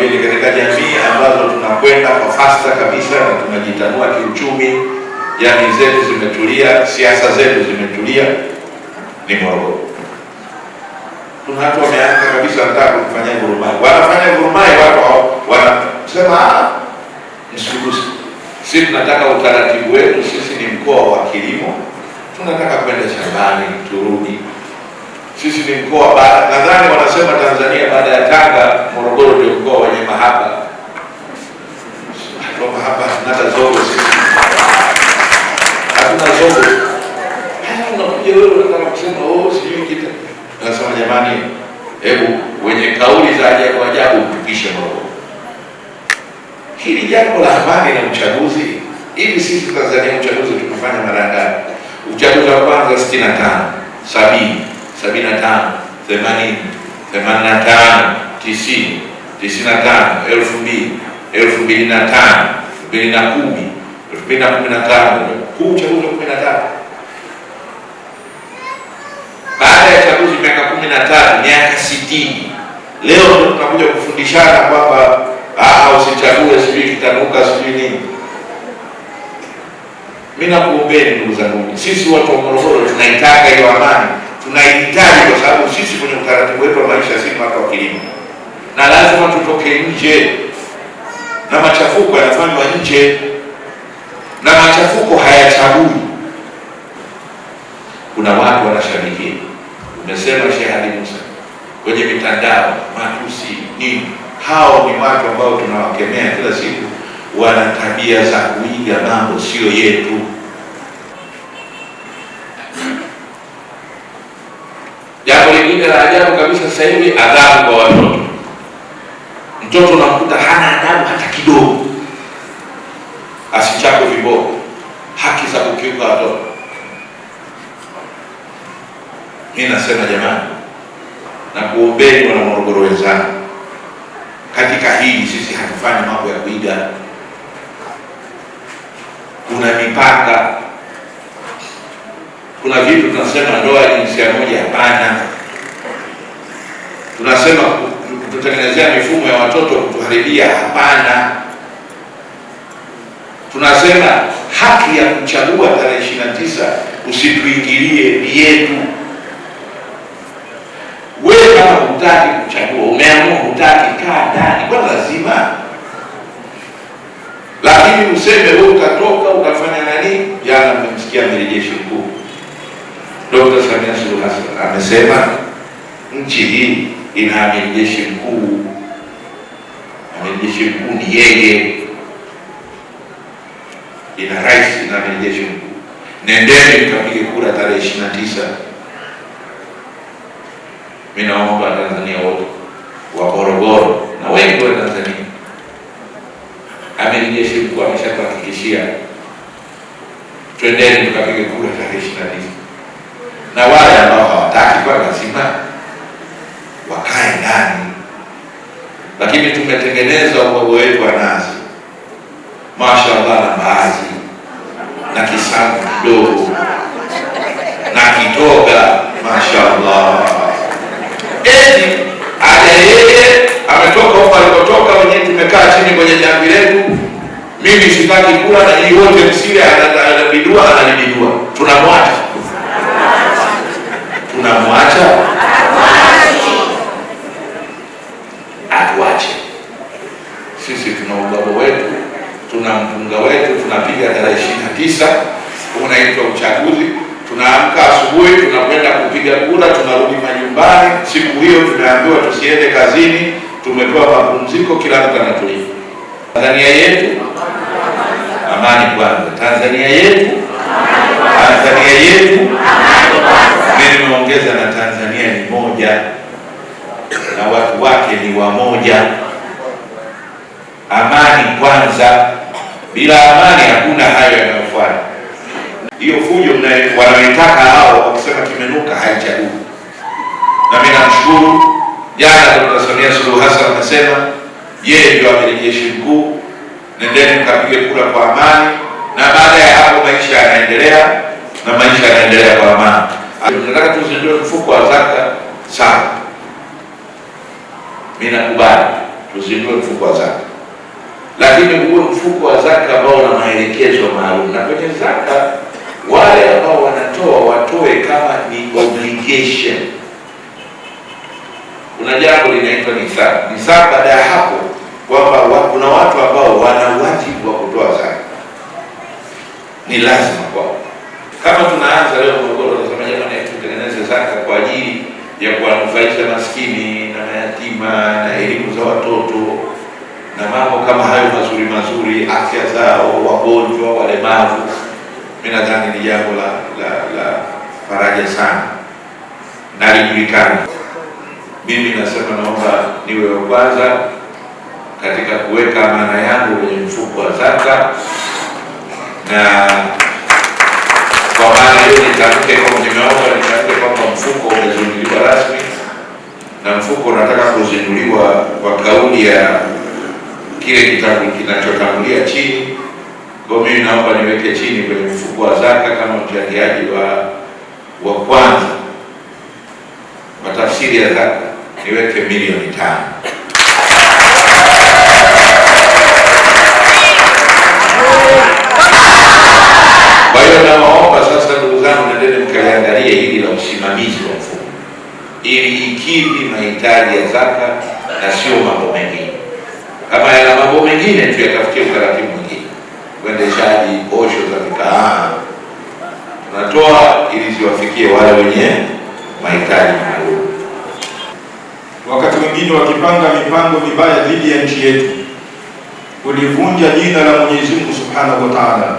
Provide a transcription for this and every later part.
tunaamini katika jamii ambazo tunakwenda kwa fasta kabisa na tunajitanua kiuchumi, jamii zetu zimetulia, siasa zetu zimetulia, ni Morogoro. Kuna watu wameanza kabisa nataka kufanya gurumai, wanafanya gurumai, watu wanasema ah, msiguse. si tunataka utaratibu wetu, sisi ni mkoa wa kilimo, tunataka kwenda shambani turudi. Sisi ni mkoa nadhani wanasema Tanzania baada ya Tanga, Morogoro ndio mkoa wenye mahaba mahaba, hata zogo hatuna zogo. Unakuja wewe unataka kusema oh, sijui nasema jamani, hebu wenye kauli za ajabu ajabu Morogoro. Hili jambo la amani na uchaguzi, hivi sisi Tanzania uchaguzi tumefanya mara ngapi? Uchaguzi wa kwanza sitini na tano sabini sabini na tano themanini themanini na tano tisini tisini na tano elfu mbili elfu mbili na tano elfu mbili na kumi elfu mbili na kumi na tano kuu uchaguzi wa kumi na tatu baada ya chaguzi miaka kumi na tatu miaka sitini leo tunakuja kufundishana kwamba ah, ah, usichague sijui kitanuka sijui nini mi nakuombeni ndugu zangu sisi watu wa Morogoro tunaitaka hiyo amani tunahitaji, kwa sababu sisi kwenye utaratibu wetu wa maisha si watu wa kilimo, na lazima tutoke nje na machafuko yanafanywa nje, na machafuko hayachagui. Kuna watu wanashabikia, umesema Sheikh Ali Musa, kwenye mitandao matusi nini. Hao ni watu ambao tunawakemea kila siku, wana tabia za kuiga mambo sio yetu. Jambo lingine la ajabu kabisa, sasa hivi adhabu kwa watoto, mtoto unamkuta hana adabu hata kidogo, asichako viboko, haki za kukiuka watoto. Mi nasema jamani, na kuombeni wana Morogoro wenzangu, katika hili sisi hatufanyi mambo ya kuiga, kuna mipaka kuna vitu tunasema ndoa jinsia moja, hapana. Tunasema kutengenezea mifumo ya watoto kutuharibia, hapana. Tunasema haki ya kuchagua tarehe ishirini na tisa usituingilie, ni yetu. Wewe kama hutaki kuchagua, umeamua hutaki, kaa ndani, kwa lazima lakini useme wewe utatoka utafanya nani? Jana mmemsikia mrejeshi mkuu Dkt. Samia Suluhu Hassan amesema nchi hii ina amiri jeshi mkuu. Amiri jeshi mkuu ni yeye, ina rais na amiri jeshi mkuu. Nendeni mkapige kura tarehe ishirini na tisa. Mimi naomba Tanzania wote wa Morogoro na wengi wa Tanzania, amiri jeshi mkuu ameshatuhakikishia, twendeni tukapige kura tarehe na wale ambao hawataki kwa lazima wakae ndani, lakini tumetengeneza ubwawa wetu wa nazi, mashallah, na mbaazi na kisamvu kidogo na kitoga, mashallah. Eti ale yeye ametoka huko alipotoka, wenyewe tumekaa chini kwenye jambi letu, mimi sitaki kula na hii wote msile, anabidua analibidua, tunamwacha tisa unaitwa uchaguzi. Tunaamka asubuhi, tunakwenda kupiga kura, tunarudi majumbani. Siku hiyo tunaambiwa tusiende kazini, tumepewa mapumziko, kila mtu anatulia Tanzania yetu amani kwanza, Tanzania yetu Tanzania yetu. Nimeongeza na Tanzania ni moja na watu wake ni wamoja. Amani kwanza, bila amani hakuna hayo kufanya hiyo fujo wanaitaka hao, wakisema kimenuka haichadumu. Na mimi namshukuru jana Dkt. Samia Suluhu Hassan amesema yeye ndio amiri jeshi mkuu, nendeni mkapige kura kwa amani, na baada ya hapo maisha yanaendelea na maisha yanaendelea kwa amani. Nataka tuzindue mfuko wa zaka sana, mimi nakubali tuzindue mfuko wa zaka lakini huo mfuko wa zaka ambao una maelekezo maalum, na kwenye zaka wale ambao wanatoa watoe kama ni obligation. Kuna jambo linaitwa nisab. Nisab baada ya hapo kwamba kuna watu ambao wana wajibu wa kutoa zaka, ni lazima kwao. Kama tunaanza leo mambo kama hayo mazuri mazuri, afya zao, wagonjwa, walemavu, mimi nadhani ni jambo la, la, la faraja sana na lijulikana. Mimi nasema naomba niwe wa kwanza katika kuweka amana yangu kwenye mfuko wa zaka na kwa maana hiyo nitamke nimeomba nitamke kwamba mfuko umezinduliwa rasmi na mfuko unataka kuzinduliwa kwa kauli ya kile kinachotangulia chini. Kwa mimi naomba niweke chini kwenye mfuko wa zaka kama mchangiaji wa wa kwanza kwa tafsiri ya zaka niweke milioni tano. Kwa hiyo nawaomba sasa, ndugu zangu, nendeni mkaliangalie hili la usimamizi wa mfuko ili ikidhi mahitaji ya zaka na sio mengine tu yatafutie utaratibu mwingine, uendeshaji osho za mitaala ah. tunatoa ili ziwafikie wale wenye mahitaji maalum. Wakati wengine wakipanga mipango mibaya dhidi ya nchi yetu, kulivunja jina la Mwenyezi Mungu Subhanahu wa Ta'ala,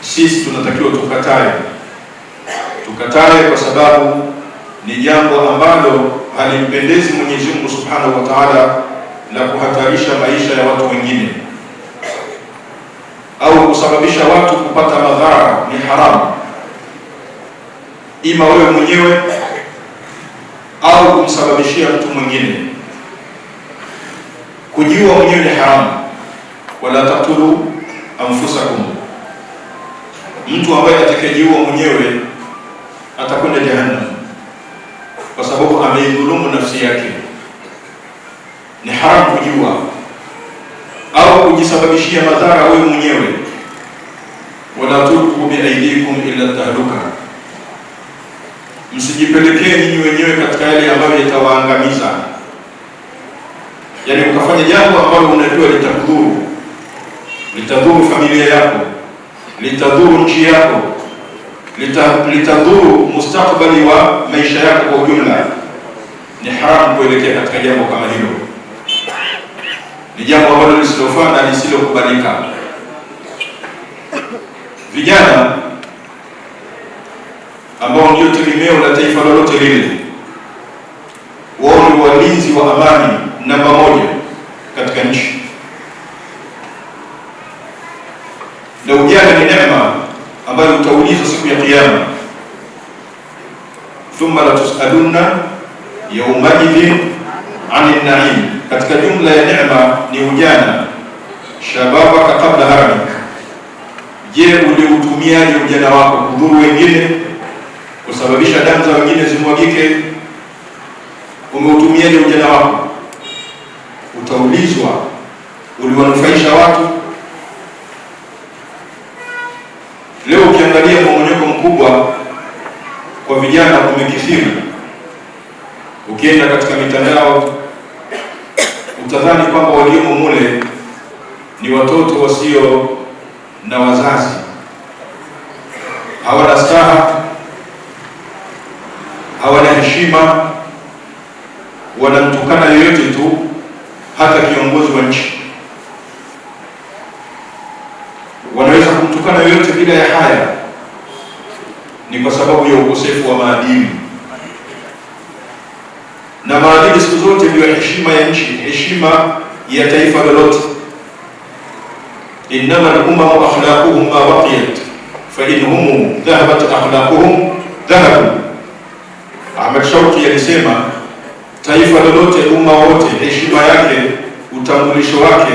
sisi tunatakiwa tukatae, tukatae kwa sababu ni jambo ambalo halimpendezi Mwenyezi Mungu Subhanahu wa Ta'ala la kuhatarisha maisha ya watu wengine au kusababisha watu kupata madhara ni haramu, ima wewe mwenyewe au kumsababishia mtu mwingine. Kujiua mwenyewe ni haramu, wala taktulu anfusakum. Mtu ambaye atakayejiua mwenyewe atakwenda jahannam, kwa sababu ameidhulumu nafsi yake ni haramu kujua au kujisababishia madhara wewe mwenyewe. wala tulqu biaidikum ila tahluka, msijipelekee ninyi wenyewe katika yale ambayo yatawaangamiza. yani ukafanya jambo ambalo unajua litakudhuru, litadhuru familia yako, litadhuru nchi yako, litadhuru mustakbali wa maisha yako kwa ujumla, ni haramu kuelekea katika jambo kama hilo ni jambo ambalo lisilofaa na lisilokubalika. Vijana ambao ndio tegemeo la taifa lolote lile, wao ni walinzi wa amani namba moja katika nchi, na ujana ni neema ambayo utaulizwa siku ya Kiyama, thumma la latusalunna yaumaidhin anin naim katika jumla ya neema ni ujana, shababaka kabla haramik. Je, uliutumiaje ujana wako kudhuru wengine, kusababisha damu za wengine zimwagike? Umeutumiaje ujana wako? Utaulizwa, uliwanufaisha watu? Leo ukiangalia mmomonyoko mkubwa kwa vijana umekithiri, ukienda katika mitandao mtadhani kwamba waliomo mule ni watoto wasio na wazazi, hawana staha, hawana heshima, wanamtukana yoyote tu, hata kiongozi wa nchi wanaweza kumtukana yoyote bila ya haya. Ni kwa sababu ya ukosefu wa maadili na maadili siku zote ndio heshima ya nchi, heshima ya taifa lolote. innama lumamu akhlaquhum ma baqiyat fa inhumu dhahabat akhlaquhum dhahabu. Ahmed Shauki alisema taifa lolote, umma wote, heshima yake, utambulisho wake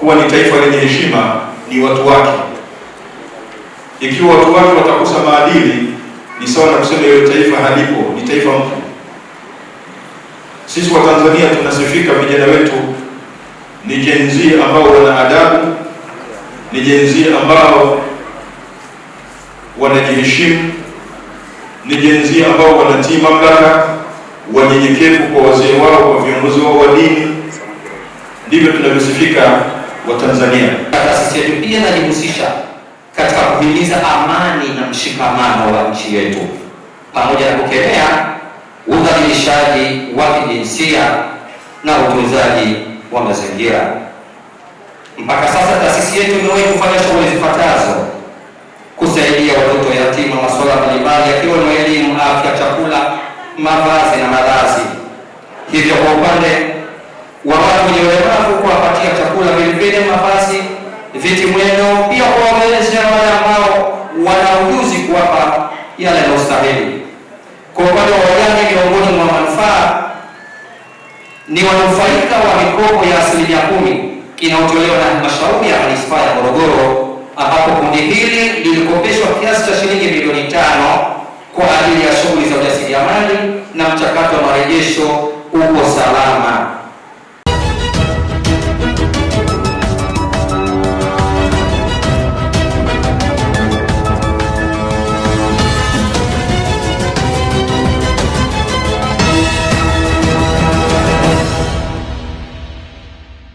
kuwa ni taifa lenye heshima ni watu wake. Ikiwa watu wake watakosa maadili, ni sawa na kusema hiyo taifa halipo, ni taifa mtu sisi Watanzania tunasifika vijana wetu ni jenzi ambao wana adabu, ni jenzi ambao wanajiheshimu, ni jenzi ambao wanatii mamlaka, wanyenyekevu kwa wazee wao, kwa viongozi wao wa dini. Ndivyo tunavyosifika Watanzania. Taasisi yetu pia inajihusisha katika kuhimiza amani na mshikamano wa nchi yetu pamoja na kukemea udhalilishaji wa kijinsia na utunzaji wa mazingira. Mpaka sasa taasisi yetu imewahi kufanya shughuli zifuatazo: kusaidia watoto yatima masuala mbalimbali yakiwemo elimu, afya, chakula, mavazi na malazi. Hivyo kwa upande wa watu wenye ulemavu kuwapatia ni wanufaika wa mikopo ya asilimia kumi inayotolewa na halmashauri ya manispaa ya Morogoro ambapo kundi hili lilikopeshwa kiasi cha shilingi milioni tano kwa ajili ya shughuli za ujasiriamali na mchakato wa marejesho uko salama.